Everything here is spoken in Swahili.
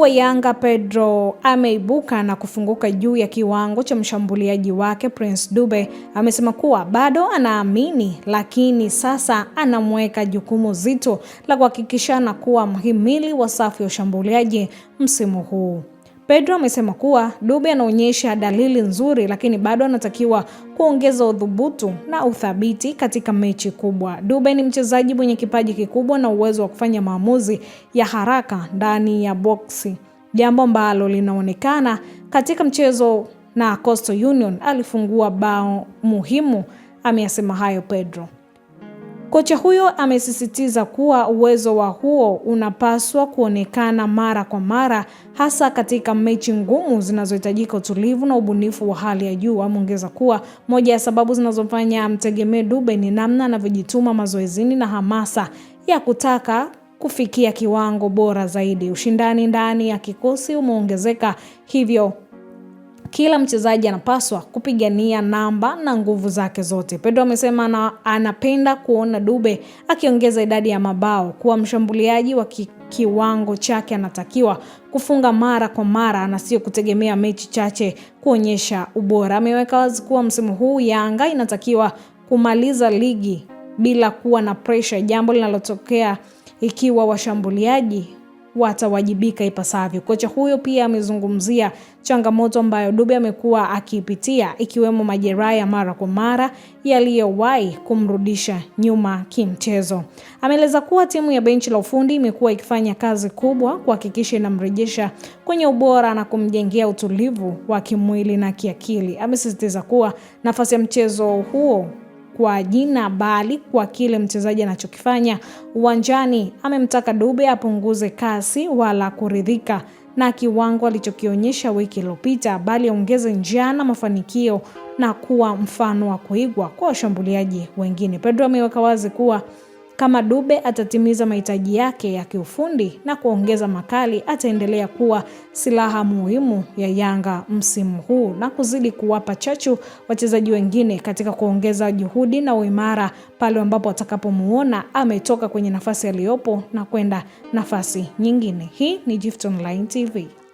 wa Yanga Pedro ameibuka na kufunguka juu ya kiwango cha mshambuliaji wake Prince Dube. Amesema kuwa bado anaamini, lakini sasa anamweka jukumu zito la kuhakikisha na kuwa mhimili wa safu ya ushambuliaji msimu huu. Pedro amesema kuwa Dube anaonyesha dalili nzuri, lakini bado anatakiwa kuongeza udhubutu na uthabiti katika mechi kubwa. Dube ni mchezaji mwenye kipaji kikubwa na uwezo wa kufanya maamuzi ya haraka ndani ya boksi, jambo ambalo linaonekana katika mchezo na Coastal Union alifungua bao muhimu. Ameyasema hayo Pedro. Kocha huyo amesisitiza kuwa uwezo wa huo unapaswa kuonekana mara kwa mara, hasa katika mechi ngumu zinazohitajika utulivu na ubunifu wa hali ya juu. Ameongeza kuwa moja ya sababu zinazofanya mtegemee Dube ni namna anavyojituma mazoezini na hamasa ya kutaka kufikia kiwango bora zaidi. Ushindani ndani ya kikosi umeongezeka hivyo kila mchezaji anapaswa kupigania namba na nguvu zake zote. Pedro amesema na anapenda kuona Dube akiongeza idadi ya mabao, kuwa mshambuliaji wa kiwango chake anatakiwa kufunga mara kwa mara na sio kutegemea mechi chache kuonyesha ubora. Ameweka wazi kuwa msimu huu Yanga inatakiwa kumaliza ligi bila kuwa na presha, jambo linalotokea ikiwa washambuliaji watawajibika ipasavyo. Kocha huyo pia amezungumzia changamoto ambayo Dube amekuwa akiipitia ikiwemo majeraha ya mara kwa mara yaliyowahi kumrudisha nyuma kimchezo. Ameeleza kuwa timu ya benchi la ufundi imekuwa ikifanya kazi kubwa kuhakikisha inamrejesha kwenye ubora na kumjengea utulivu wa kimwili na kiakili. Amesisitiza kuwa nafasi ya mchezo huo kwa jina bali kwa kile mchezaji anachokifanya uwanjani. Amemtaka Dube apunguze kasi wala kuridhika na kiwango alichokionyesha wiki iliyopita, bali aongeze njia na mafanikio na kuwa mfano wa kuigwa kwa washambuliaji wengine. Pedro ameweka wazi kuwa kama Dube atatimiza mahitaji yake ya kiufundi na kuongeza makali, ataendelea kuwa silaha muhimu ya Yanga msimu huu na kuzidi kuwapa chachu wachezaji wengine katika kuongeza juhudi na uimara pale ambapo atakapomuona ametoka kwenye nafasi aliyopo na kwenda nafasi nyingine. Hii ni Gift Online TV.